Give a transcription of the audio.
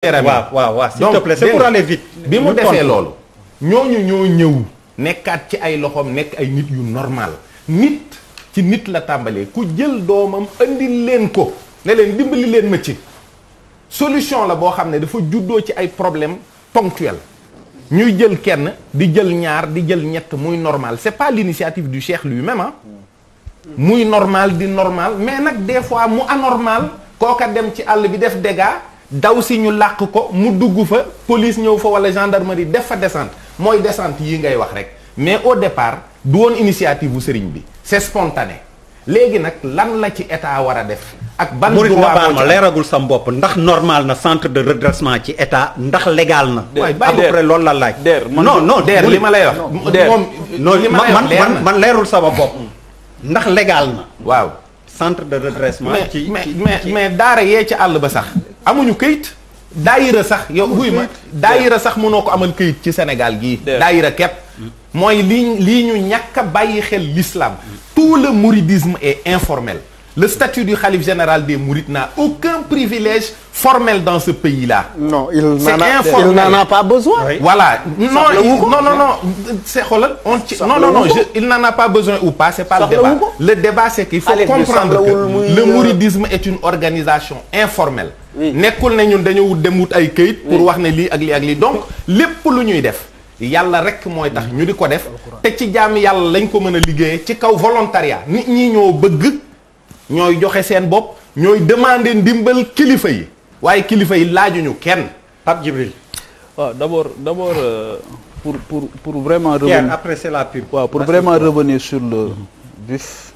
waaw waaw waaw s'il te plaît c'est pour aller vite. bi mu lolo, loolu. ñooñu ñoo ñëw. nekkaat ci ay loxoom nekk ay nit yu normal nit ci nit la tàmbalee ku jël doomam andil leen ko ne leen dimbali leen ma ci solution la boo xam ne dafa juddoo ci ay problème ponctuel ñuy jël kenn di jël ñaar di jël ñett muy normal c'est pas l'initiative du cheikh lui-même hein, muy normal di normal mais nag des fois mu anormal kooka dem ci àll bi def dégâts. daw si ñu làq ko mu dugg fa police ñëw fa wala gendarmerie def fa descente mooy descente yi ngay wax rek mais au départ du woon initiative bu sëriñ bi c'est spontané léegi nag lan la ci état war a def. ak ban droit nga baal ma leeragul sa bopp ndax normal na centre de redressement ci état ndax légal na. waay à peu près loolu la laaj. non non der li ma lay wax. moom li ma lay wax man man leerul sama bopp. ndax legal na. waaw centre de redressement. ci mais mais mais daara yee ci àll ba sax. amuñu këyit daayira sax yow wuy ma daayira sax mënoo ko amal këyit ci Sénégal gi daayira kepp mooy lii lii ñu ñàkk bàyyi xel lislaam tout le mouridisme et informel Le statut du Khalif général des Mourites n'a aucun privilège formel dans ce pays-là. Non, il n'en a, pas besoin. Voilà. Non, il, non, non, non, on, non, non, non, il n'en a pas besoin ou pas, c'est pas le débat. Le, débat, c'est qu'il faut Allez, comprendre que le, mouridisme est une organisation informelle. Nekul ne ñun dañu wut dem wut ay keuyit pour wax ne li ak li ak li. donc lépp lu ñuy def yalla rek moy tax ñu di ko def te ci jaami yalla lañ ko mëna a ci kaw volontariat nit ñi ñoo bëgg ñooy joxe seen bopp ñooy demander ndimbal kilifa yi waaye kilifa yi laajuñu kenn Pape Djibril waaw d'abord d'abord euh, pour pour pour vraiment revenir après c'est la pub waaw pour vraiment revenir sur le mm-hmm. vif